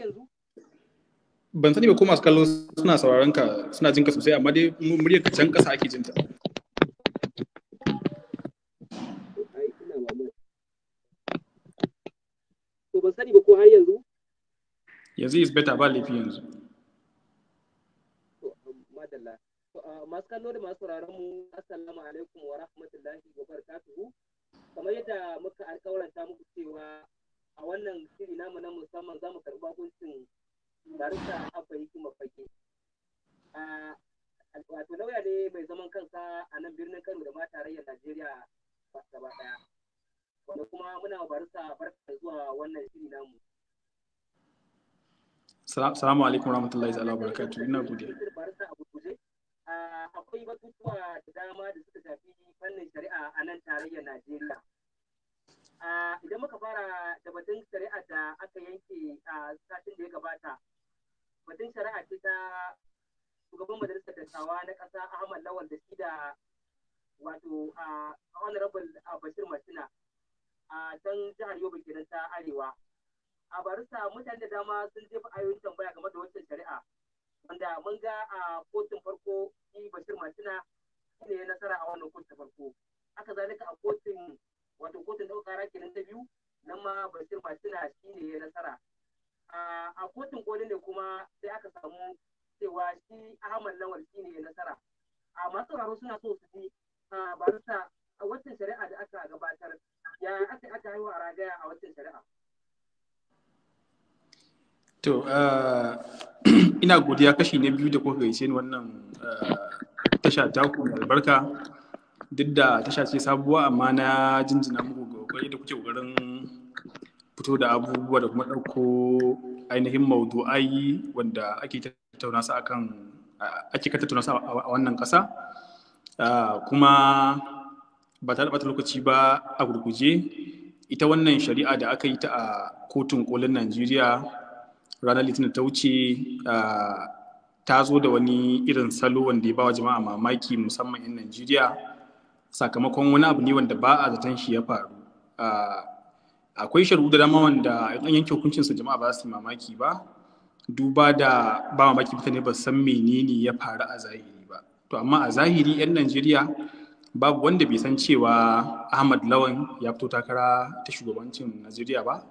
yanzu ban sani ba ko masu kallon suna sauraron ka suna jinka sosai amma dai muryar ka can kasa ake jinta to ban sani ba ko har yanzu yanzu is better ba laifi yanzu um, madalla uh, masu kallo da masu sauraron mu assalamu alaikum wa rahmatullahi wa barakatuhu kamar yadda muka alkawaranta muku cewa a wannan shiri namu na musamman za mu karɓi bakuncin darussa yi kuma fage wato lauya ne mai zaman kansa a nan birnin kano da ma tarayyar najeriya gaba ɗaya wanda kuma muna barsa barka zuwa wannan shiri namu Salamu alaikum rahmatullahi ta'ala barakatu ina gode. Akwai batutuwa da dama da suka shafi fannin shari'a a nan tarayyar Najeriya. idan muka fara da batun shari'a da aka yanke a satin da ya gabata batun shari'a ce ta shugaban majalisar dattawa na ƙasa ahmad lawal da shi da wato a honorable bashir masina a can jihar yobe kenan ta arewa a barista mutane da dama sun jefa ayoyin tambaya game da wancan shari'a wanda mun ga a kotun farko shi bashir masina shine ne nasara a wannan kotun farko haka zalika a kotun wato kotun ɗaukar kara kenan ta biyu nan ma bashir masina shi ne ya nasara a kotun koli ne kuma sai aka samu cewa shi ahmad lawal shi ne ya nasara a masu sauraro suna so su ji ba sa a wancan shari'a da aka gabatar ya aka aka haihuwa a ragaya a wancan shari'a To, ina godiya kashi na biyu da kuka gaishe wannan tasha taku albarka. duk da tasha ce sabuwa amma na jinjina muku kokari da kuke kokarin fito da abubuwa da kuma ɗauko ainihin maudu'ai wanda ake tattauna su akan ake ka tattauna su a wannan ƙasa ah, kuma ba ta ɓata lokaci ba a gurguje ita wannan shari'a da aka yi ta a kotun kolin najeriya ranar litinin ta wuce ah, ta zo da wani irin salo wanda ya ba wa jama'a mamaki musamman 'yan najeriya sakamakon wani abu ne wanda ba a zaton shi ya faru akwai sharu da dama wanda an yanke hukuncinsa jama'a ba su mamaki ba duba da ba mamaki mutane ba san menene ya faru a zahiri ba to amma a zahiri 'yan najeriya babu wanda bai san cewa ahmad lawan ya fito takara ta shugabancin najeriya ba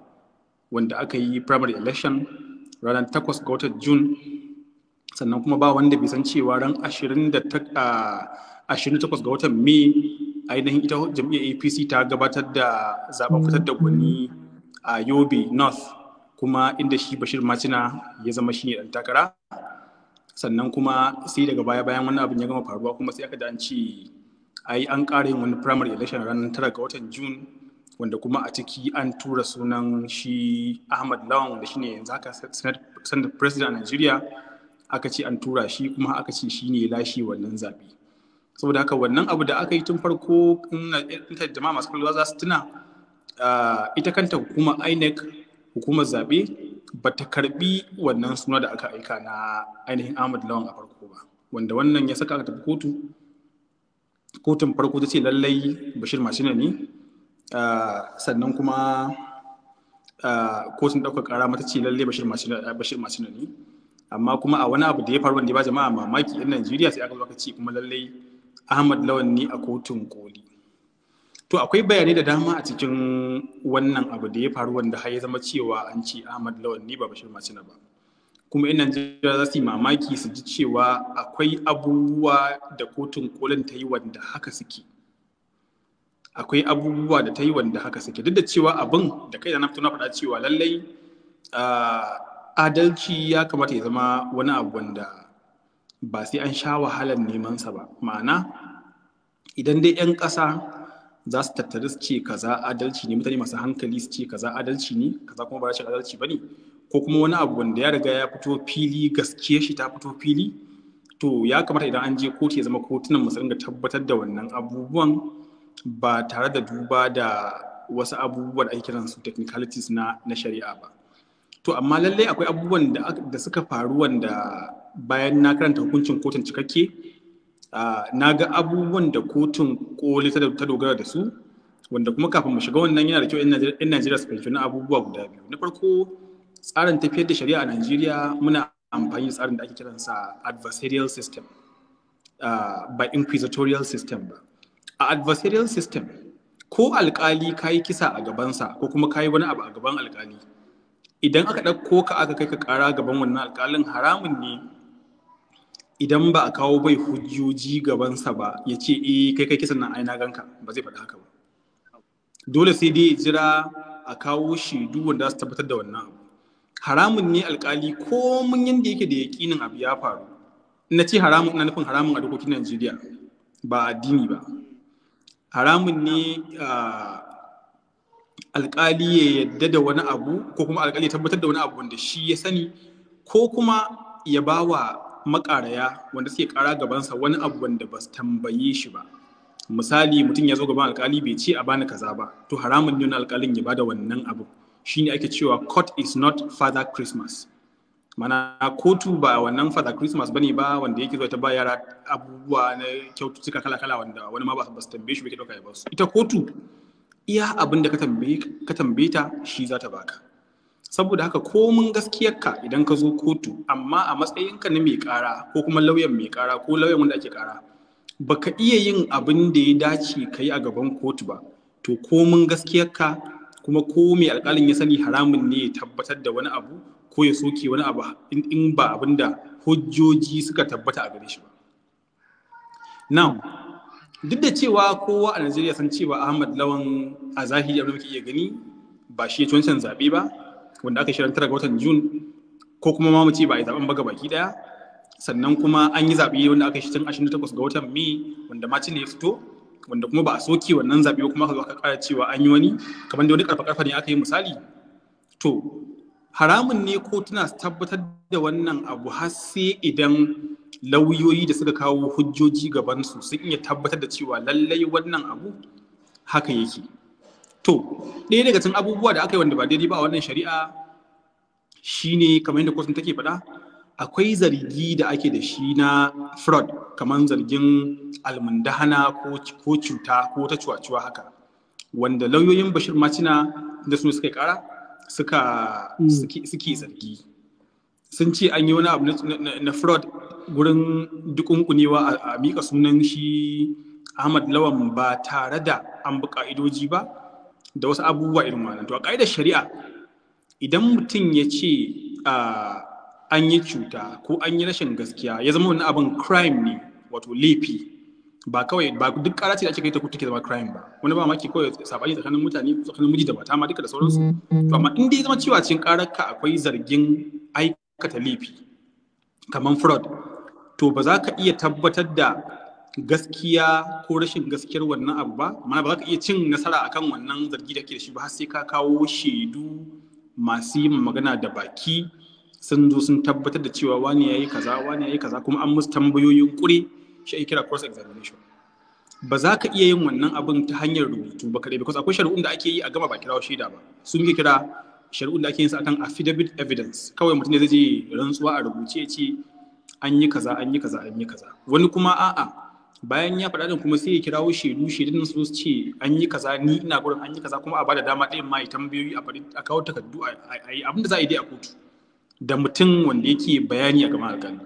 wanda aka yi primary election ranar 8 ga watan june sannan kuma ba wanda bai san cewa ran 28 28 ga watan Mai ainihin ita jam'iyyar APC ta gabatar da zaben fitar da gwani a Yobe North kuma inda shi Bashir Macina ya zama shi ne dan takara sannan kuma sai daga baya bayan wani abin ya gama faruwa kuma sai aka da an ce ai an ƙara yin wani primary election ranar tara ga watan June wanda kuma a ciki an tura sunan shi Ahmad Lawan wanda shine yanzu haka Senate President a Nigeria aka ce an tura shi kuma aka ce shi ne lashe wannan zaɓe. saboda haka wannan abu da aka yi tun farko in jama'a masu kalwa za su tuna ita kanta hukuma inec hukumar zaɓe ba ta karɓi wannan suna da aka aika na ainihin ahmad lawan a farko ba wanda wannan ya saka aka tafi kotu kotun farko ta ce lallai bashir mashina ne sannan kuma kotun ɗaukar ƙara mata ce lallai bashir mashina ne amma kuma a wani abu da ya faru wanda ya ba jama'a mamaki yan Najeriya sai aka zo aka ce kuma lallai ahmad lawan ne a kotun koli to akwai bayanai da dama a cikin wannan abu da ya faru wanda har ya zama cewa an ce ahmad lawan ne ba bashir macina ba kuma ina jira za su yi mamaki su ji cewa akwai abubuwa da kotun kolin ta yi wanda haka suke akwai abubuwa da ta yi wanda haka suke duk da cewa abin da kai da na fito faɗa cewa lallai ah, adalci ya kamata ya zama wani abu wanda ba sai an sha wahalar sa ba ma'ana idan dai 'yan ƙasa za su tattari su ce kaza adalci ne mutane masu hankali su ce kaza adalci ne kaza kuma ba rashin adalci ba ne ko kuma wani abu wanda ya riga ya fito fili gaskiya shi ta fito fili to ya kamata idan an je kotu ya zama kotunan mu dinga tabbatar da wannan abubuwan ba tare da duba da wasu abubuwan ake kiransu technicalities na na shari'a ba to amma lallai akwai abubuwan da suka faru wanda bayan na karanta hukuncin kotun cikakke na ga abubuwan da kotun koli ta dogara da su wanda kuma kafin mu shiga wannan yana da kyau 'yan najeriya su fahimci abubuwa guda biyu na farko tsarin tafiyar da shari'a a najeriya muna amfani da tsarin da ake kiransa adversarial system ba inquisitorial system ba a adversarial system ko alkali ka yi kisa a gabansa ko kuma ka yi wani abu a gaban alkali idan aka ɗauko ka aka kai ka ƙara gaban wannan alƙalin haramun ne idan ba a kawo bai hujjoji gabansa ba ya ce eh kai kai kisan nan aina ganka ba zai faɗi haka ba dole sai dai ya jira a kawo shaidu wanda su tabbatar da wannan abu haramun ne alƙali ko mun yanda yake da yaƙinin abu ya faru na ce haramun ina nufin haramun a dokokin Najeriya ba addini ba haramun ne ah, alƙali ya yadda da wani abu ko kuma alƙali ya tabbatar da wani abu wanda shi ya sani ko kuma ya ba wa makaraya wanda suke ƙara gabansa wani abu wanda ba su tambaye shi ba misali mutum ya zo gaban alƙali bai ce a bani kaza ba to haramun ne alƙalin ya bada wannan abu shine ake cewa court is not father christmas mana kotu ba wannan father christmas bane ba wanda yake zuwa ta ba yara abubuwa na kyaututtuka kala-kala wanda wani ma ba su tambaye shi ba ke ɗauka ya ba su ita kotu iya abin da ka tambaye ta shi za ta baka saboda haka komin gaskiyarka idan ka zo kotu amma a matsayinka na mai kara ko kuma lauyan mai kara ko lauyan wanda ake kara ka iya yin abin da ya dace ka yi a gaban kotu ba to komin gaskiyarka kuma ko mai alkalin ya sani haramun ne ya tabbatar da wani abu ko ya soke wani abu in ba abin da hujjoji suka tabbata a gare shi ba now duk da cewa kowa a najeriya san cewa ahmad lawan a zahiri abin da muke iya gani ba shi ya wancan zaɓe ba wanda aka shirin tara ga watan jun ko kuma ma mu ce ba a yi zaɓen ba baki ɗaya sannan kuma an yi zaɓe wanda aka shi tun 28 ga watan mi wanda ma ne ya fito wanda kuma ba a soke wannan zaɓe ba kuma aka zo aka ƙara cewa an yi wani kamar da wani ƙarfa-ƙarfa ne aka yi misali to haramun ne kotuna su tabbatar da wannan abu har sai idan lauyoyi da suka kawo hujjoji gabansu sun iya tabbatar da cewa lallai wannan abu haka yake to ɗaya daga cikin abubuwa da aka yi wanda ba daidai ba a wannan shari'a shine kamar yadda kotun take faɗa akwai zargi da ake da shi na fraud kamar zargin almundahana ko cuta ko ta cuwa-cuwa haka wanda lauyoyin bashir macina da su suka kara suka hmm. suke zargi sun ce an yi wani abu na fraud gurin dukunkunewa a mika sunan shi Ahmad Lawan ba tare da an bi ka'idoji ba da wasu abubuwa irin wannan. To a ka'idar shari'a idan mutum ya ce an yi cuta ko an yi rashin gaskiya ya zama wani abin crime ne wato laifi ba kawai ba duk kara da ake kai ta kuta ke zama crime ba wani ba ke kawai sabani tsakanin mutane tsakanin miji da mata ma duka da sauransu to amma in dai zama cewa cikin karar ka akwai zargin aikata laifi kamar fraud to ba za ka iya tabbatar da gaskiya ko rashin gaskiyar wannan abu ba mana ba za ka iya cin nasara akan wannan zargi da ke da shi ba sai ka kawo shaidu masu yin magana da baki sun zo sun tabbatar da cewa wani ya yi kaza wani ya yi kaza kuma an musu tambayoyin kure shi ake kira cross examination ba za ka iya yin wannan abin ta hanyar rubutu ba kare because akwai shari'un da ake yi a gama ba kirawo shaida ba su muke kira shari'un da ake yin su akan affidavit evidence kawai mutum ne zai je rantsuwa a rubuce ya ce an yi kaza an yi kaza an yi kaza wani kuma a'a bayan ya faɗa kuma sai ya kirawo shaidu shaidun su ce an yi kaza ni ina gurin an yi kaza kuma a bada dama ɗayan ma ya tambayoyi a bari a kawo takardu a yi abin da za a yi dai a kotu da mutum wanda yake bayani a gama alƙali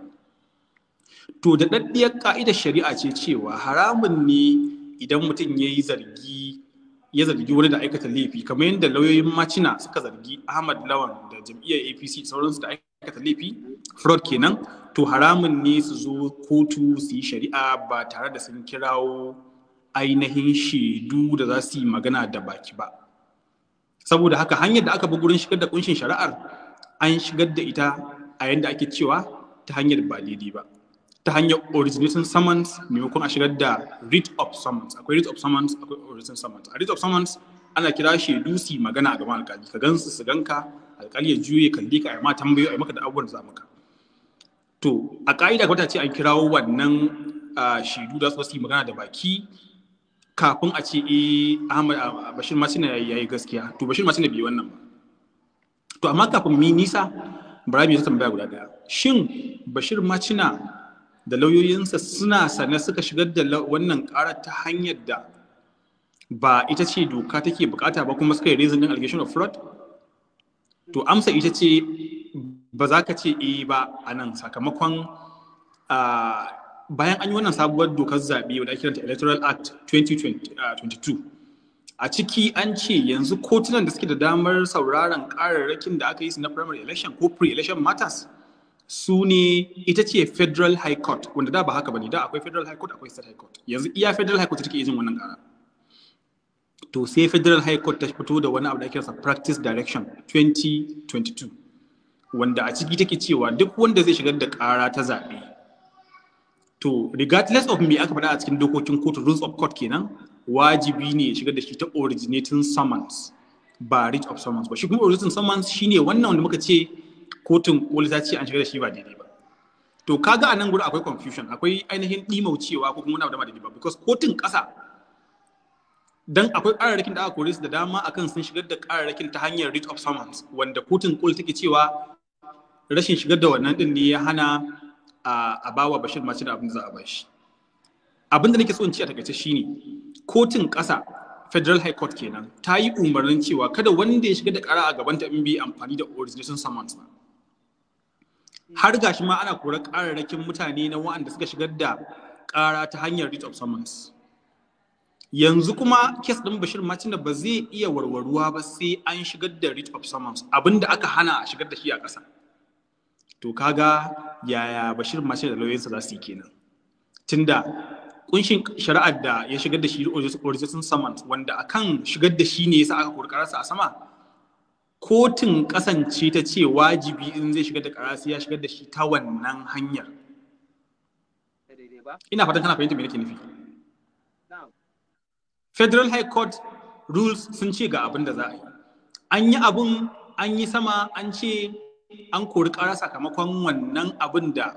to da daddiyar ka'idar shari'a ce cewa haramun ne idan mutum ya yi zargi ya zargi wani da aikata laifi kamar yadda lauyoyin macina suka zargi ahmad lawan da jam'iyyar apc sauransu da aikata laifi fraud kenan to haramun ne su zo kotu su yi shari'a ba tare da sun kirawo ainihin shaidu da za su yi magana da baki ba saboda haka hanyar da aka bi gurin shigar da kunshin shari'ar an shigar da ita a yadda ake cewa ta hanyar ba daidai ba ta hanyar origination summons maimakon a shigar da writ of summons akwai writ of summons akwai origination summons a writ of summons ana kira shaidu su yi magana a gaban alkali ka gansu su ganka alkali ya juye kalli ka ya ma tambayo ya maka da abubuwan da za maka to a ƙa'ida kwata ce an kirawo wannan shidu da su magana da baki kafin a ce eh Ahmad Bashir Masina yayi gaskiya to Bashir Masina bai wannan ba to amma kafin mi nisa mai zata tambaya guda daya shin Bashir Masina da lauyoyinsa suna sane suka shigar da wannan ƙara ta hanyar da ba ita ce doka take bukata ba kuma suka yi raising din allegation of fraud to amsa ita ce ba za ka ce eh ba a nan sakamakon bayan an yi wannan sabuwar dokar zaɓe wadda ake kiranta electoral act 2022 a ciki an ce yanzu kotunan da suke da damar sauraron ƙararrakin da aka yi su na primary election ko pre-election matters su ne ita ce federal high court wanda da ba haka ba ne da akwai federal high court akwai state high court yanzu iya federal high court take izin wannan kara to sai federal high court ta fito da wani abu da ake sa practice direction 2022 wanda a ciki take cewa duk wanda zai shigar da ƙara ta zaɓe to regardless of me aka faɗa a cikin dokokin kotu rules of court kenan wajibi ne shigar da shi ta originating summons ba writ of summons ba shi kuma originating summons shi ne wannan wanda muka ce kotun koli ta ce an shigar da shi ba daidai ba to kaga a nan gudu akwai confusion akwai ainihin cewa ko kuma wani abu da ba daidai ba because kotun ƙasa dan akwai ƙararrakin da aka kore su da dama akan sun shigar da ƙararrakin ta hanyar writ of summons wanda kotun koli take cewa rashin shigar da wannan din ne ya hana a bawa Bashir Masud abin da za a bashi abin da nake so in ce a takaice shine kotun ƙasa Federal High Court kenan ta yi umarnin cewa kada wanda ya shiga da ƙara a gaban ta in bi amfani da origination summons ba har gashi ma ana kora ƙararrakin mutane na wa'anda suka shigar da ƙara ta hanyar writ of summons yanzu kuma kes ɗin Bashir Martin da ba zai iya warwaruwa ba sai an shigar da writ of summons abinda aka hana a shigar da shi a ƙasa to kaga yaya bashir masu da lauyoyinsa za su yi kenan tunda kunshin shari'ar da ya shigar da shi original saman wanda akan shigar da shi ne yasa aka kori karasa a sama kotun kasance ta ce wajibi in zai shigar da karasi ya shigar da shi ta wannan hanyar ina fatan kana fahimta me nake nufi federal high court rules sun ce ga abin da za a yi an yi abun an yi sama an ce an kori ƙara sakamakon wannan abin da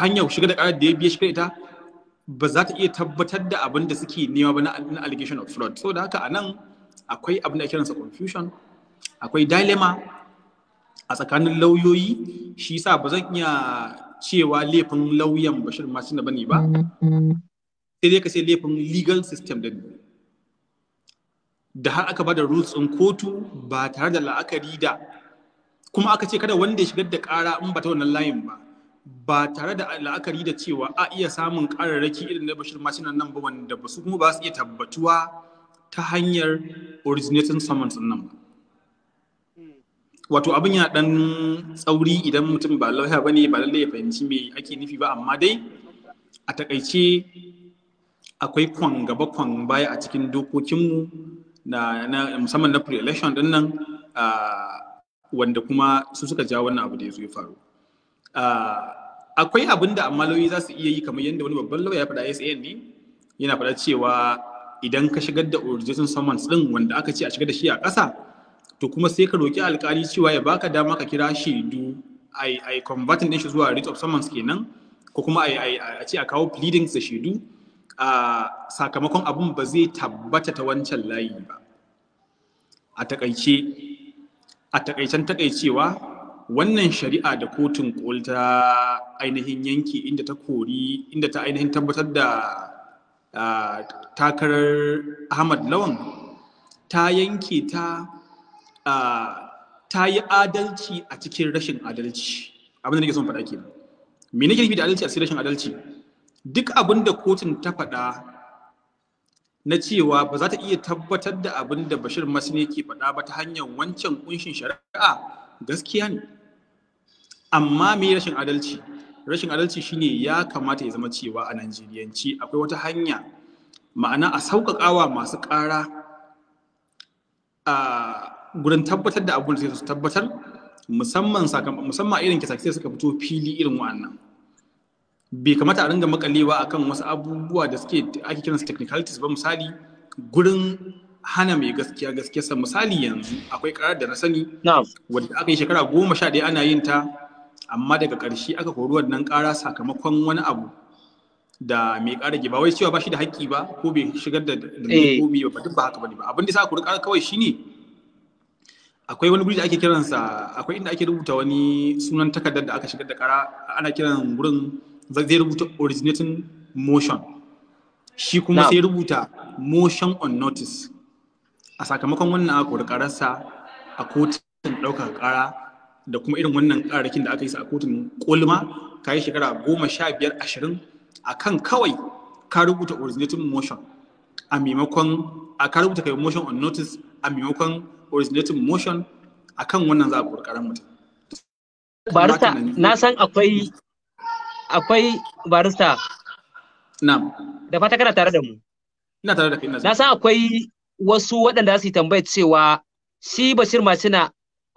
hanyar shiga da ƙarar da ya biya shiga ita ba za ta iya tabbatar da abin da suke nema ba na allegation of fraud so da haka a nan akwai abin da ake kiransa confusion akwai dilemma a tsakanin lauyoyi shi sa ba zan iya cewa laifin lauyan bashir masu na bane ba sai dai ka sai laifin legal system da da har aka ba da rules in kotu ba tare da la'akari da kuma aka ce kada wanda ya shigar da ƙara in ba ta wannan layin ba ba tare da la'akari da cewa a iya samun ƙararraki irin na bashir mashinan nan ba wanda ba su kuma ba su iya tabbatuwa ta hanyar originating summons nan ba wato abin yana dan tsauri idan mutum ba lauya bane ba lallai ya fahimci me ake nufi ba amma dai a takaice akwai kwan gaba kwan baya a cikin dokokinmu na musamman na pre-election din nan ah, wanda kuma su suka ja wannan abu da ya zo ya faru ah, akwai abin da amma lauyi za su iya yi kamar yadda wani babban lauya ya faɗa SAN ne yana faɗa cewa idan ka shigar da urgent summons ɗin wanda aka ce a shigar da shi a ƙasa to kuma sai ka roƙi alƙali cewa ya baka dama ka kira shaidu A yi converting din shi zuwa writ of summons kenan ko kuma a ce a kawo pleadings da shaidu a ah, sakamakon abin ba zai tabbata ta wancan layi ba a takaice a takaicen takaicewa wannan shari'a da kotun kol ta ainihin yanki inda ta kori inda ta ainihin tabbatar da takarar ahmad lawan ta yanke ta ta yi adalci a cikin rashin adalci abin da nake son faɗa ke. me nake nufi da adalci a cikin rashin adalci duk abin da kotun ta faɗa na cewa ba za ta iya tabbatar da abin da Bashir Masne ke faɗa ba ta hanyar wancan kunshin shari'a gaskiya ne. Amma me rashin adalci? Rashin adalci shine ya kamata ya zama cewa a Najeriyanci akwai wata hanya ma'ana a sauƙaƙawa masu ƙara a gurin tabbatar da abin da su tabbatar musamman musamman irin kisa suka fito fili irin wa'annan. bai kamata a ringa makalewa a kan wasu abubuwa da suke ake kiransu technicalities ba misali gurin hana mai gaskiya gaskiyarsa misali yanzu akwai karar da na sani wadda aka yi shekara goma sha ɗaya ana yin ta amma daga ƙarshe aka kori wannan ƙara sakamakon wani abu da mai ƙara ba wai cewa ba shi da haƙƙi ba ko bai shigar da eh. komi ba duk ba haka bane ba abin da sa kuri ƙara kawai shine akwai wani guri da ake kiransa akwai inda ake rubuta wani sunan takardar da aka shigar da ƙara ana kiran gurin zai rubuta originating motion shi kuma sai rubuta motion on notice a sakamakon wannan a kori kararsa a kotun ɗaukar ƙara da kuma irin wannan ƙararrakin da aka yi sa a kotun kolma ka yi shekara goma sha biyar ashirin a kan kawai ka rubuta originating motion a maimakon a ka rubuta kai motion on notice a maimakon originating motion a kan wannan za a kori ƙarar mutum barista na san akwai akwai barista na'am da fata kana tare da mu ina tare da kai na san akwai wasu waɗanda su yi tambaya cewa shi Bashir masina,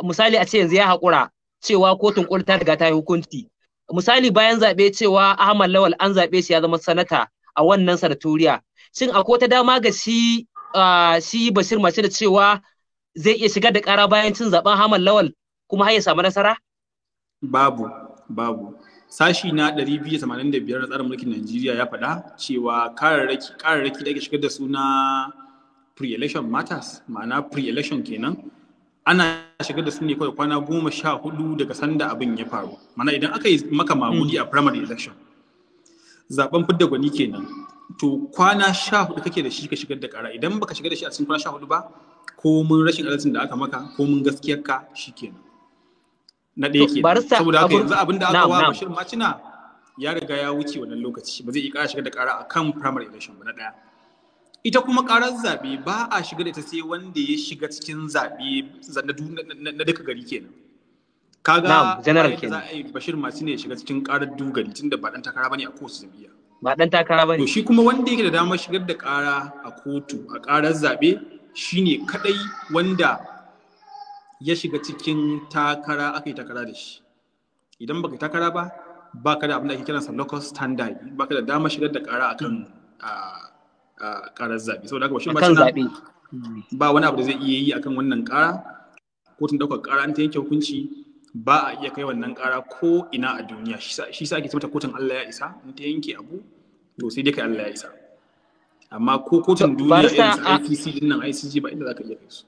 misali a ce yanzu ya haƙura cewa kotun ƙoli ta riga ta yi hukunci misali bayan zaɓe cewa Ahmad Lawal an zaɓe shi ya zama sanata a wannan sanatoriya shin akwai ta dama ga shi shi Bashir Masina cewa zai iya shigar da ƙara bayan cin zaɓen Ahmad Lawal kuma har ya samu nasara? Babu, babu. sashi na 285 na tsarin mulkin Najeriya ya faɗa cewa kararraki kararraki da ake shigar da suna na pre-election matters ma'ana pre-election kenan ana shigar da su ne kawai kwana goma sha hudu daga sanda abin ya faru mana idan aka yi maka mamudi a primary election zaben fidda gwani kenan to kwana sha hudu kake da shi ka shigar da kara idan baka shigar da shi a cikin kwana sha hudu ba ko mun rashin adalcin da aka maka ko mun gaskiyar ka shi kenan. na ɗaya ke saboda haka yanzu abin da aka wa Bashir Macina ya riga ya wuce wannan lokaci ba zai iya shiga da ƙara kan primary election ba na ɗaya ita kuma ƙarar zaɓe ba a shiga da ita sai wanda ya shiga cikin zaɓe na duka gari kenan kaga general kenan za a yi Bashir Macina ya shiga cikin ƙarar gari tunda ba ɗan takara bane a kowace jam'iyya ba ɗan takara bane to shi kuma wanda yake da damar shigar da ƙara a kotu a ƙarar zaɓe shine kadai wanda ya shiga cikin takara aka yi takara da shi idan baka takara ba baka da abin da ake kiransa local standard baka da damar shigar da kara akan karar zaɓe saboda haka bashin ba wani abu da zai iya yi akan wannan kara kotun ɗaukar kara an ta yanke hukunci ba a iya kai wannan kara ko ina a duniya shi sa ake tabbata kotun Allah ya isa in ta yanke abu to sai dai kai Allah ya isa amma ko kotun duniya irin ICC din nan ICC ba inda za ka iya kai su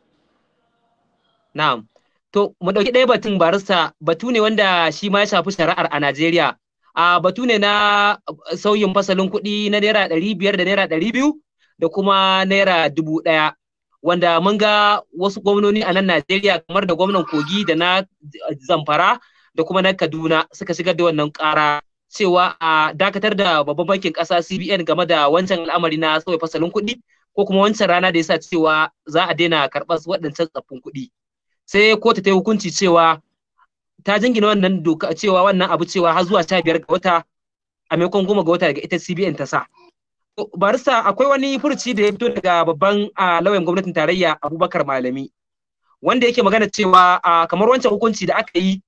Na'am. To mu ɗauki ɗaya batun barista batu ne wanda shi ma ya shafi shari'ar a Najeriya. A batu ne na sauyin fasalin kuɗi na naira ɗari biyar da naira ɗari biyu da kuma naira dubu ɗaya. Wanda mun ga wasu gwamnoni a nan Najeriya kamar da gwamnan Kogi da na Zamfara da kuma na Kaduna suka shigar da wannan ƙara cewa a dakatar da babban bankin ƙasa CBN game da wancan al'amari na sauya fasalin kuɗi ko kuma wancan rana da ya sa cewa za a daina karɓar waɗancan tsaffin kuɗi. sai kotu ta yi hukunci cewa ta jingina wannan doka cewa wannan abu cewa har zuwa sha biyar ga wata a maimakon goma ga wata daga ita CBN ta sa. Barista akwai wani furuci da ya fito daga babban lauyan gwamnatin tarayya Abubakar Malami wanda yake magana cewa kamar wancan hukunci da aka yi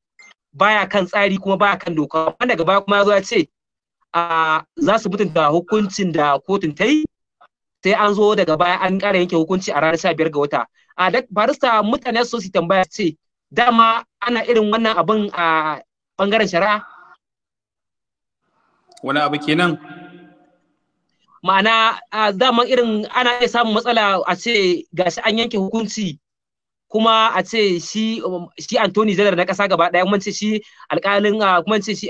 baya kan tsari kuma baya kan doka wanda daga baya kuma ya zo ya ce za su mutunta hukuncin da kotun ta yi sai an zo daga baya an ƙara yanke hukunci a ranar sha biyar ga wata a barista mutane su su tambaya ce dama ana irin wannan abin a bangaren shari'a wani abu kenan ma'ana dama irin ana iya samun matsala a ce ga shi an yanke hukunci kuma a ce shi shi Anthony Zanar na kasa gaba daya ce shi alkalin kuma ce shi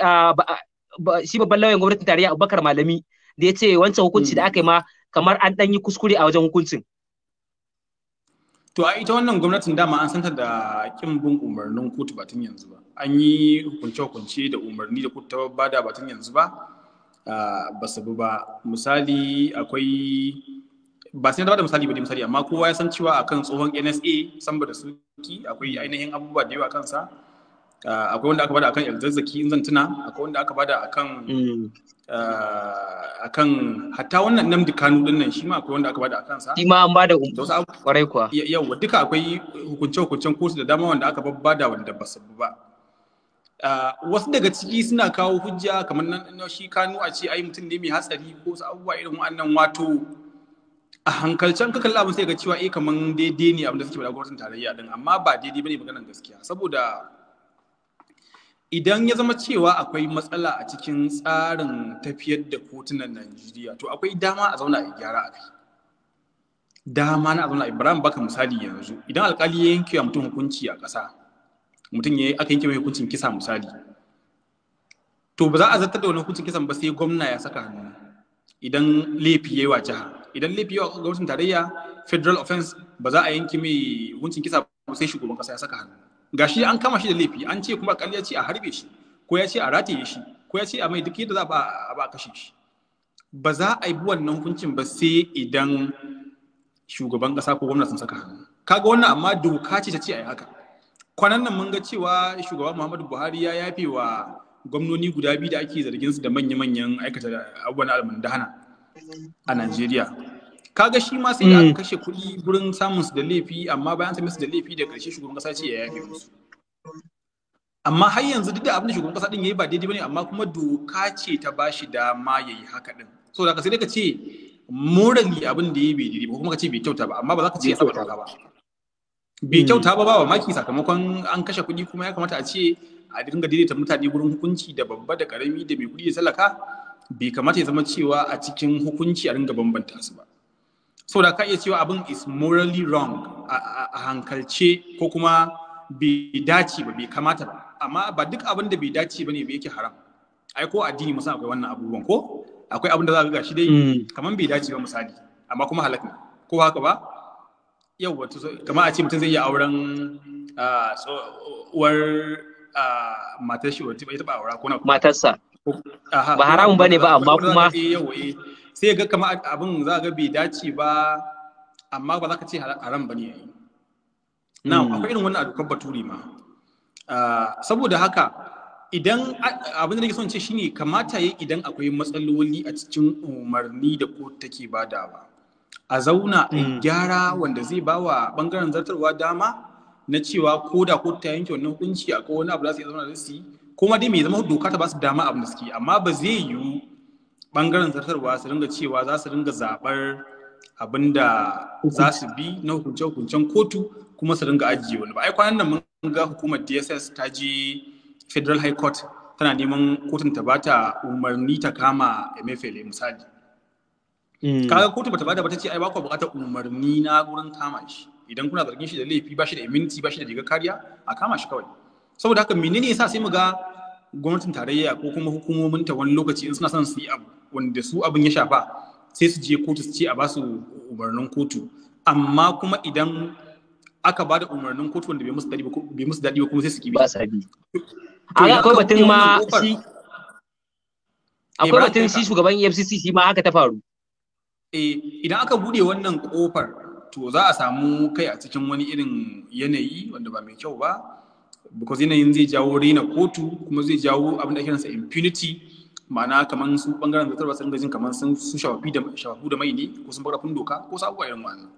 shi babban lauyan gwamnatin tarayya Abubakar Malami da ya ce wancan hukunci da mm. aka yi ma kamar an ɗan yi kuskure a wajen hukuncin To a ita wannan gwamnatin dama an santa da kin bin umarnin kotu batun yanzu ba. An yi hukunce-hukunce da umarni da kotu ta bada batun yanzu ba ah, ba su ba. Misali akwai ba sai da misali ba misali amma kowa ya san cewa akan tsohon NSA Samba da suki akwai ainihin abubuwa da yawa kansa. Ah, akwai wanda aka bada akan yarzazzaki in zan tuna akwai wanda aka bada akan mm. ah, akan hatta wannan namdi kanu din nan shi ma akwai wanda aka bada akan sa shi ma an bada um, kwarai kuwa yawa duka akwai hukunce hukuncen kotu da dama wanda aka bada wanda ba su ba ah, wasu daga ciki suna kawo hujja kamar nan shi kanu a ce ai mutum ne mai hatsari ko su abubuwa irin wannan wato a hankalcen ka kalla abin sai ga cewa eh kamar daidai ne abin da suke faɗa gwamnatin tarayya din amma ba daidai bane maganar gaskiya saboda idan ya zama cewa akwai matsala a cikin tsarin tafiyar da kotunan Najeriya to akwai dama a zauna a gyara a kai dama na a zauna Ibrahim baka misali yanzu idan alkali ya yanke mutum hukunci a ƙasa mutum ya aka yanke mai hukuncin kisa misali to ba za a zartar da wani hukuncin kisan ba sai gwamna ya saka hannu idan laifi yayi wa jiha idan laifi yayi wa gwamnatin tarayya federal offense ba za a yanke mai hukuncin kisa ba sai shugaban ƙasa ya saka hannu gashi an kama shi da laifi an ce kuma kalli ya ce a harbe shi ko ya ce a rataye shi ko ya ce a mai duk yadda za a ba kashe shi ba za a yi wannan hukuncin ba sai idan shugaban kasa ko gwamna sun saka hannu kaga wannan amma doka ce ta ce a yi haka kwanan nan mun ga cewa shugaban muhammadu buhari ya yafe wa gwamnoni guda biyu da ake zargin su da manya-manyan aikata abubuwan hana a najeriya kaga shi ma sai da aka mm. kashe kuɗi gurin samun su da laifi amma bayan samun su da laifi da karshe shugaban kasa ce ya yafe musu amma har yanzu duk da abin da shugaban kasa din yayi ba daidai bane amma kuma doka ce ta bashi dama yayi haka din so da ka sai da ka ce morally abin da yayi bai daidai ba kuma ka ce bai kyauta ba amma ba za ka ce ya saba ba bai mm. kyauta ba ba maki sakamakon an kashe kuɗi kuma ya kamata a ce a dinga daidaita mutane gurin hukunci da babba da karami da mai kuɗi da talaka bai kamata ya zama cewa a cikin hukunci a dinga bambanta su ba so da ka iya cewa abin is morally wrong a hankalce ko kuma bai dace ba bai kamata ba amma ba duk abin da bai dace ba ne bai yake haram ai ko addini musan akwai wannan abubuwan ko akwai abin da za ga shi dai hmm. kamar bai dace ba misali amma kuma halak ne ko haka ba yau wato kamar a ce mutum zai iya auren uwar matar shi wata ita ba aura ko na matarsa ba haramun bane ba amma kuma eh, eh. sai ga kama abin za ga bai dace ba amma ba za ka ce haram ba ne na hmm. akwai irin wannan adukan baturi ma ah, saboda haka idan abin da nake son ce shine kamata yayi idan akwai matsaloli a cikin umarni da ko take ba a zauna in hmm. gyara wanda zai bawa bangaren zartarwa dama na cewa ko da ko ta yanke wannan hukunci akwai wani abu da su zauna da su yi kuma dai mai zama doka ta ba su dama abin da suke amma ba zai yiwu bangaren zartarwa su ringa cewa za su ringa zaɓar abin da za su bi na hukunce-hukuncen kotu kuma su ringa ajiye wani ba ai kwanan nan mun ga hukumar dss ta je federal high court tana neman kotun ta ba ta umarni ta kama mfl misali mm. kaga kotu bata bada bata ce ai ba ku bukatar umarni na gurin kama shi idan kuna zargin shi da laifi ba shi da iminti ba shi da rigar kariya a kama shi kawai saboda haka menene yasa sai mu ga gwamnatin tarayya ko kuma hukumomin ta wani lokaci in suna son su yi abu wanda su abin ya shafa sai su je kotu su ce a basu umarnin kotu amma kuma idan aka ba da umarnin kotu wanda bai musu daɗi ba kuma sai su kibi ba a akwai batun ma shi eh, akwai batun shi shugaban EFCC shi ma haka ta faru eh idan aka bude wannan kofar to za a samu kai a cikin wani irin yanayi wanda ba mai kyau ba because yanayin zai jawo rena kotu kuma zai jawo abin da ake kiransa impunity ma'ana kamar su bangaren zartarwa sun gajin kamar sun su shafafu da mai ne ko sun barafin doka ko su abubuwa irin wannan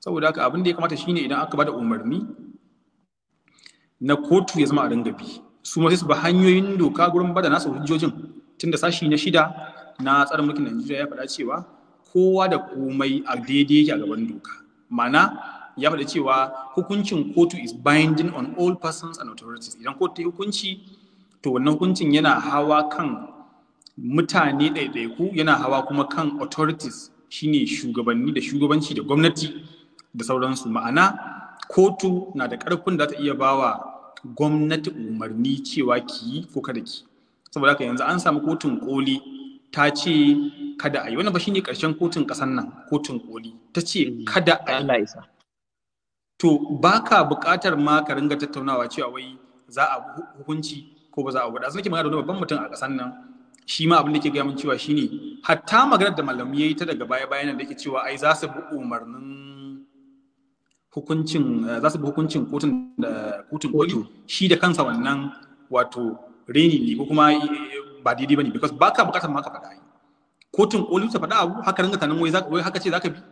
saboda haka abin da ya kamata shine idan aka bada umarni na kotu ya zama a ringa bi su ma su ba hanyoyin doka gurin bada nasu hujjojin tunda sashi na shida na tsarin mulkin Najeriya ya faɗa cewa kowa da komai a daidai yake a gaban doka ma'ana ya faɗa cewa hukuncin kotu is binding on all persons and authorities idan kotu ta hukunci to wannan hukuncin yana hawa kan mutane ɗaiɗaiku yana hawa kuma kan authorities shine shugabanni da shugabanci da gwamnati da sauransu ma'ana kotu na da ƙarfin da ta iya bawa gwamnati umarni cewa ki yi ko kada ki saboda haka yanzu an samu kotun koli ta ce kada a yi wannan ba shine ƙarshen kotun ƙasan nan kotun koli ta ce mm. kada a yi to ba ka buƙatar ma ka ringa tattaunawa cewa wai za a hukunci ko ba za a gwada a sun ke magana da babban mutum a ƙasan nan shi ma abin da ke gaya min cewa shine hatta maganar da malami yi ta daga baya bayan da ke cewa ai za su bi umarnin hukuncin eh, za su bi hukuncin kotun da kotun koli shi da kansa wannan wato reni ne ko kuma eh, ba daidai bane because baka bukatar maka faɗa ai kotun koli ta faɗa abu haka ringa tanan wai wai haka ce zaka bi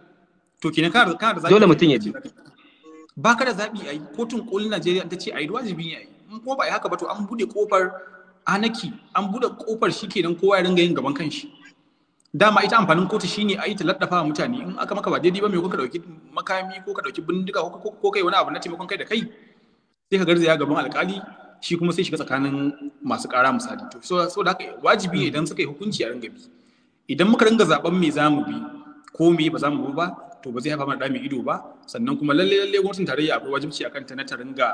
to kenan kana kana da zaɓi. dole mutum ya bi baka da zabi ai kotun koli Najeriya ta ce ai wajibi ne ai in ko ba ai haka ba to an bude kofar anaki an buɗe kofar shi kenan kowa ya ringa yin gaban kanshi dama ita amfanin kotu shine a yi ta laddafa mutane in aka maka ba daidai ba mai ko ka dauki makami ko ka dauki bindiga ko kai wani abu na taimakon kai da kai sai ka garzaya gaban alkali shi kuma sai shiga tsakanin masu ƙara misali to so da haka wajibi ne idan suka yi hukunci a ringa bi idan muka ringa zaben me za mu bi ko me ba za mu bi ba to ba zai hafa mana da mai ido ba sannan kuma lalle lalle gwamnatin tarayya akwai wajibci akan ta na ta ringa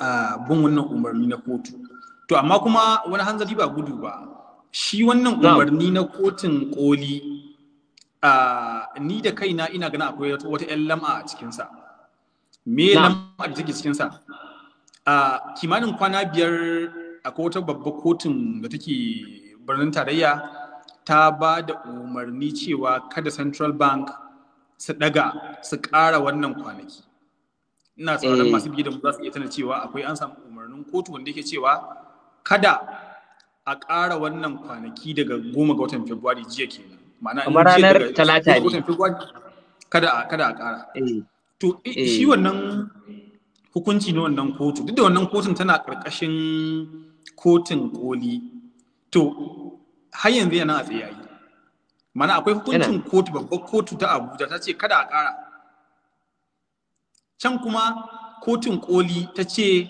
ah, bin wannan umarni na kotu to amma kuma wani hanzari ba gudu ba shi wannan umarni na kotun koli ni da kaina ina gana akwai wata 'yan lam'a a cikinsa me lam'a da take cikinsa kimanin kwana biyar akwai wata babbar kotun da take birnin tarayya ta ba da umarni cewa kada central bank su daga su ƙara wannan kwanaki ina tsoron eh. masu biyu da mu za su iya tana cewa akwai an samu umarnin kotu wanda yake cewa kada a ƙara wannan kwanaki daga goma ga watan Fabrairu jiya kenan. Ma'ana in ranar talata ne. Kada a kada a ƙara. Eh. To shi eh. wannan hukunci na wannan kotu duk da wannan kotun tana ƙarƙashin kotun koli. To har yanzu yana a tsaye Mana akwai hukuncin kotu babbar kotu ta Abuja ta ce kada a ƙara. Can kuma kotun koli ta ce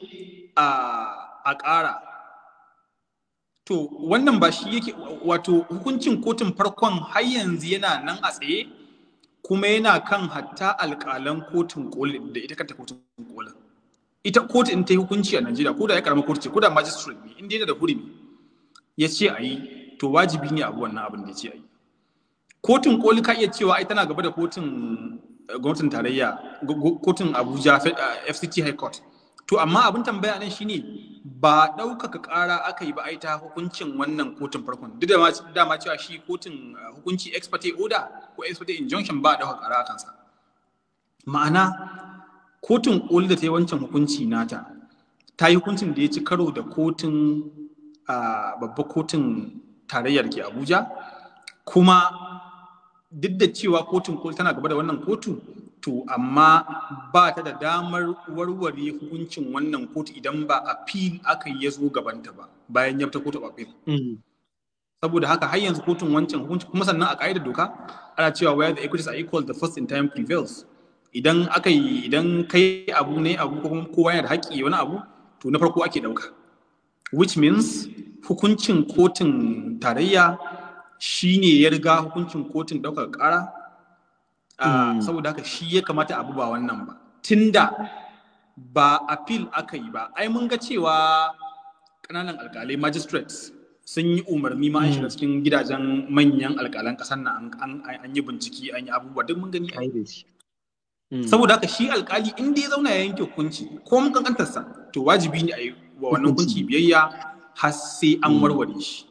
a ƙara. to wannan ba shi yake wato hukuncin kotun farkon har yanzu yana nan a tsaye kuma yana kan hatta alƙalan kotun koli da ita kanta kotun kolin ita kotun ta yi hukunci a Najeriya ko da ya karama kotu ko da magistrate ne inda yana da hurumi ya ce a yi to wajibi ne abu wannan abin da ya ce a yi kotun koli ka iya cewa ai tana gaba da kotun eh, gwamnatin tarayya kotun Abuja FCT eh, High Court to amma abin tambaya nan shine ba ɗaukaka ƙara aka yi ba ai ta hukuncin wannan kotun farkon duk da dama cewa shi kotun ah, hukunci ex parte order ko ex parte injunction ba ɗaukaka ƙara a kansa ma'ana kotun ƙoli da ta yi wancan hukunci nata ta yi hukuncin da ya ci karo da kotun ah, babba kotun tarayyar ke abuja kuma duk da cewa kotun ƙoli tana gaba da wannan kotu to amma ba ta da damar warware hukuncin wannan kotu idan ba appeal aka yi ya zo gabanta ba bayan yabta kotu appeal mm. saboda haka har yanzu kotun wancan hukunci kuma sannan a ka'idar doka ana cewa where the equities are equal the first in time prevails idan aka yi idan kai abu ne abu ko kowa yana da haƙƙi wani abu to na farko ake ɗauka which means hukuncin kotun tarayya shine ya riga hukuncin kotun ɗaukar ƙara Ah, mm. saboda haka shi ya kamata abu ba wannan ba tunda ba a appeal aka yi ba ai mun ga cewa kananan alkalai magistrates sun yi umarni ma an mm. shiga cikin gidajen manyan alkalan ƙasar nan an yi bincike an yi abubuwa duk mun gani mm. saboda haka shi alkali in dai zauna ya yanke hukunci ko mun kankantarsa to wajibi ne a yi wa wannan hukunci biyayya har sai an warware shi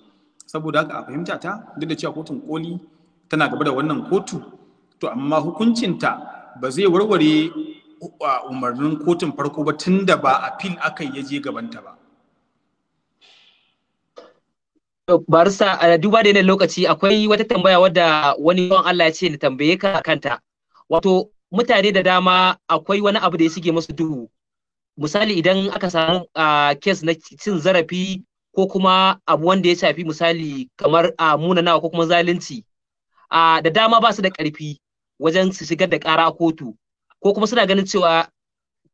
saboda haka a fahimta ta duk da cewa kotun koli tana gaba da wannan kotu to amma hukuncinta ba zai warware umarnin kotun farko ba tun da ba a fil aka ya je gabanta ba. Barista a duba da yanayin lokaci akwai wata tambaya wadda wani yawan Allah ya ce na tambaye ka kanta. Wato mutane da dama akwai wani abu da ya shige musu duhu. Misali idan aka samu kes na cin zarafi ko kuma abu wanda ya shafi misali kamar munanawa ko kuma zalunci. da dama ba su da ƙarfi wajen su shigar da ƙara kotu ko kuma suna ganin cewa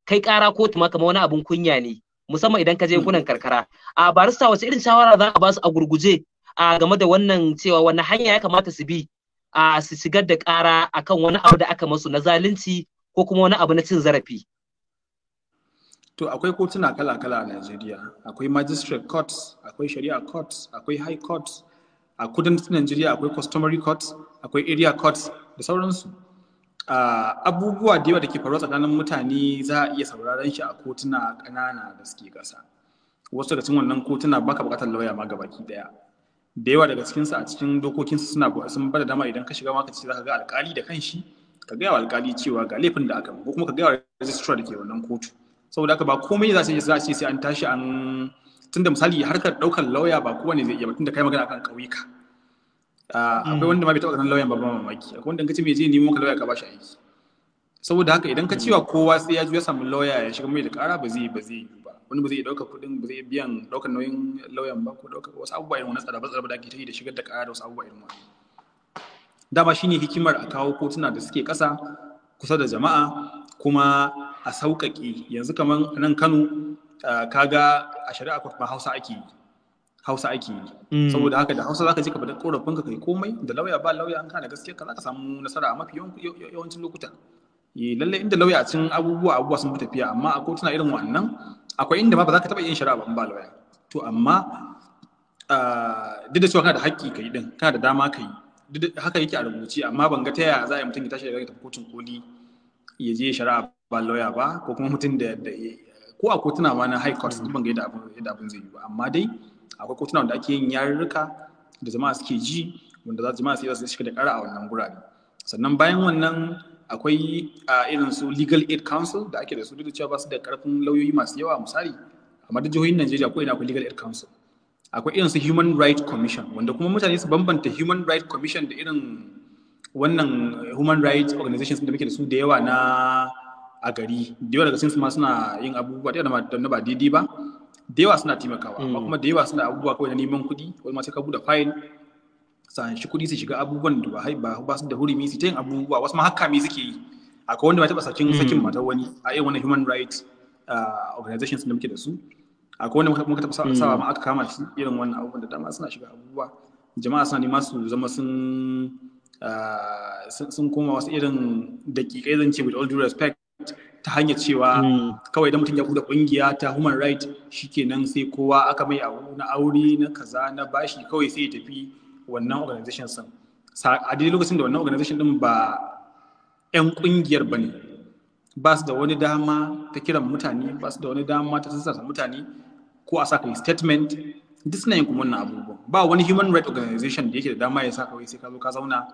kai ƙara kotu ma kamar wani abun kunya ne musamman idan ka je gunan hmm. karkara a barista wace irin shawara za a ba su a gurguje a game da wannan cewa wani hanya ya kamata su bi a su shigar da ƙara akan wani abu da aka masu na zalunci ko kuma wani abu na cin zarafi to akwai kotuna kala-kala a Najeriya akwai magistrate courts akwai shari'a courts akwai high courts a kudancin Najeriya akwai customary courts akwai area courts da sauransu abubuwa da yawa da ke faruwa tsakanin mutane za a iya sauraron shi a kotuna ƙanana da suke ƙasa wasu daga cikin wannan kotuna baka buƙatar lauya ma gabaki ɗaya da yawa daga cikinsu a cikin dokokinsu suna sun bada dama idan ka shiga ma ka ce za ka ga alƙali da kanshi ka gaya wa alƙali cewa ga laifin da aka ko kuma ka gaya wa registrar da ke wannan kotu saboda haka ba komai za a ce sai an tashi an tunda misali harkar ɗaukar lauya ba kowane zai iya ba tunda kai magana akan ƙauyuka Ah, akwai mm. wanda ma bai taɓa ganin lauyan babban mamaki akwai wanda ce me zai nemo ka lauya ka bashi aiki saboda haka idan ka ce wa kowa sai ya ji ya samu lauya ya shiga mai da ƙara ba zai ba zai yi ba wani ba zai ɗauka kuɗin ba zai biyan ɗaukar nauyin lauyan ba ko ɗaukar wasu abubuwa irin wani tsara ba, da ake ta yi da shigar da ƙara da wasu abubuwa irin wani dama shine hikimar a kawo kotuna da suke ƙasa kusa da jama'a kuma a sauƙaƙe yanzu kamar nan Kano ah, kaga a shari'a kwatma Hausa ake yi hausa ake yi mm. saboda haka da hausa zaka je ka faɗi korafin ka kai komai da lauya ba lauya an kana gaskiya ka zaka samu nasara a mafi yawancin lokuta eh, lallai inda lauya cin abubuwa abubuwa sun fi tafiya amma a kotuna irin wannan akwai inda ma ba za ka taɓa yin shari'a ba ba lauya to amma ah, duk da cewa kana da haƙƙi ka yi din kana da dama ka yi haka yake a rubuce amma ban ga ta yaya za a yi mutum ya tashi daga tafi kotun koli ya je shari'a ba lauya ba ko kuma mutum da eh, ko a kotuna ma na high court duk mm. ban ga yadda abin zai yi ba amma dai akwai kotuna wanda ake yin yarurruka da jama'a suke ji wanda za jama'a sai su shiga da ƙara a wannan gurare sannan bayan wannan akwai a irin su legal aid council da ake da su duk da cewa ba su da karfin lauyoyi masu yawa misali amma da jihohin Najeriya ko ina akwai legal aid council akwai irin su human right commission wanda kuma mutane su bambanta human right commission da irin wannan human rights organizations da muke da su da yawa na a gari da yawa daga cikin su ma suna yin abubuwa da na ba daidai ba da yawa suna taimakawa amma mm. kuma da yawa suna abubuwa kawai na neman kuɗi wani ma sai ka buɗe fayil san shi kuɗi su shiga abubuwan da ba ba su da mi su ta yin abubuwa wasu ma hakka mi suke yi akwai wanda ba taɓa sakin mm. sakin mata wani a irin wani human rights organizations da muke da su akwai wanda muka taɓa mm. sawa ma aka kama shi irin wannan abubuwan da dama suna shiga abubuwa jama'a suna neman su zama sun sun koma wasu irin dakikai zan ce with all due respect ta hanyar cewa hmm. kawai da mutum ya buɗe kungiya ta human right shikenan sai kowa aka mai abu na aure na kaza na bashi kawai sai ya tafi wannan organization sun a daidai lokacin da wannan organization din ba 'yan kungiyar ba ne ba su da wani dama ta kiran mutane ba su da wani dama ta sassa mutane ko a saka statement duk suna yin kuma wannan abubuwa. ba wani human right organization da yake da dama ya sa kawai sai ka zo ka zauna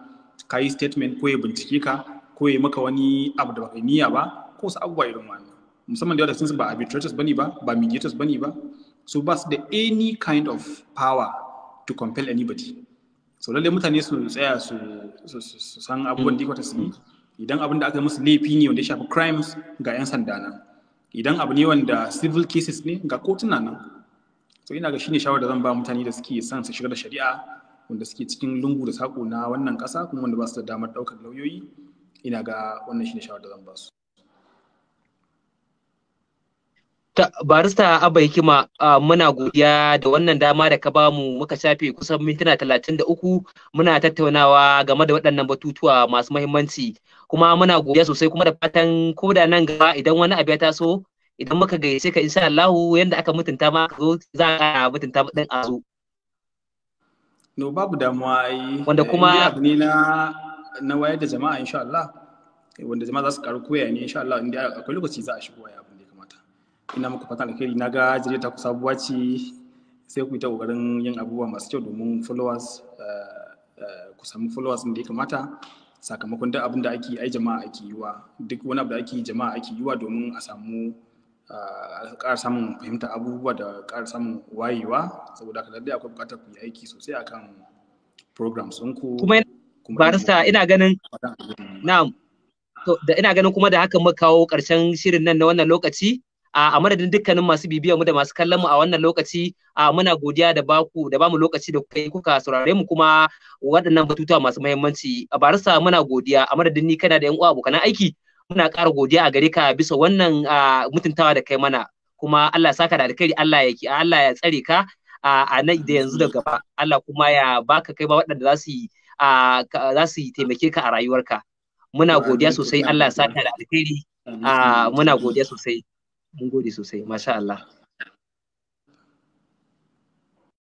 ka yi statement ko ya bincike ka ko ya maka wani abu da baka niyya ba akwai wasu abubuwa irin wannan musamman da sun ba arbitrators bane ba ba mediators bane ba so ba su da any kind of power to compel anybody so lalle mutane su tsaya su san abubuwan da kwata su idan abin da aka musu laifi ne wanda ya shafi crimes ga 'yan sanda nan idan abu ne wanda civil cases ne ga kotuna nan so ina ga shine shawar da zan ba mutane da suke son su shiga da shari'a wanda suke cikin lungu da sako na wannan ƙasa kuma wanda ba su da damar ɗaukar lauyoyi ina ga wannan shine shawar da zan ba su barista Abba Hikima muna godiya da wannan dama da ka bamu muka shafe kusan mintuna talatin da uku muna tattaunawa game da waɗannan batutuwa masu mahimmanci kuma muna godiya sosai kuma da fatan ko da nan gaba idan wani abu ya taso idan muka gayyace ka insha Allah yanda aka mutunta ma ka zo za a mutunta mu din azu No babu damuwa ai. Wanda kuma ni na na wayar da jama'a insha Allah wanda jama'a za su karu koya ne insha Allah inda akwai lokaci za a shigo ya ina muku fatan alheri na ga jirgin ta sabuwa ce sai ku yi ta kokarin yin abubuwa masu kyau domin followers eh, eh, ku samu followers da ya kamata sakamakon duk abin da ake ai jama'a ake yi wa duk wani abu da ake jama'a ake yi wa domin a samu eh, ƙara samun fahimta abubuwa da ƙara samun wayewa saboda haka lallai akwai buƙatar ku yi aiki sosai akan programs ɗinku kuma barista ina ganin na'am to da ina ganin kuma da hakan muka kawo ƙarshen shirin nan na wannan lokaci a madadin dukkanin masu bibiyar mu da masu kallon mu a wannan lokaci a muna godiya da baku da bamu lokaci da kuka kuka saurare mu kuma waɗannan batutuwa masu muhimmanci a barisa muna godiya a madadin ni kana da yan uwa abokan aiki muna ƙara godiya a gare ka bisa wannan mutuntawa da kai mana kuma Allah ya saka da alkhairi Allah ya ki Allah ya tsare ka a nan da yanzu da gaba Allah kuma ya baka kai ba waɗanda za su yi za su taimake ka a rayuwarka muna godiya sosai Allah ya saka da alkhairi muna godiya sosai mun gode sosai masha Allah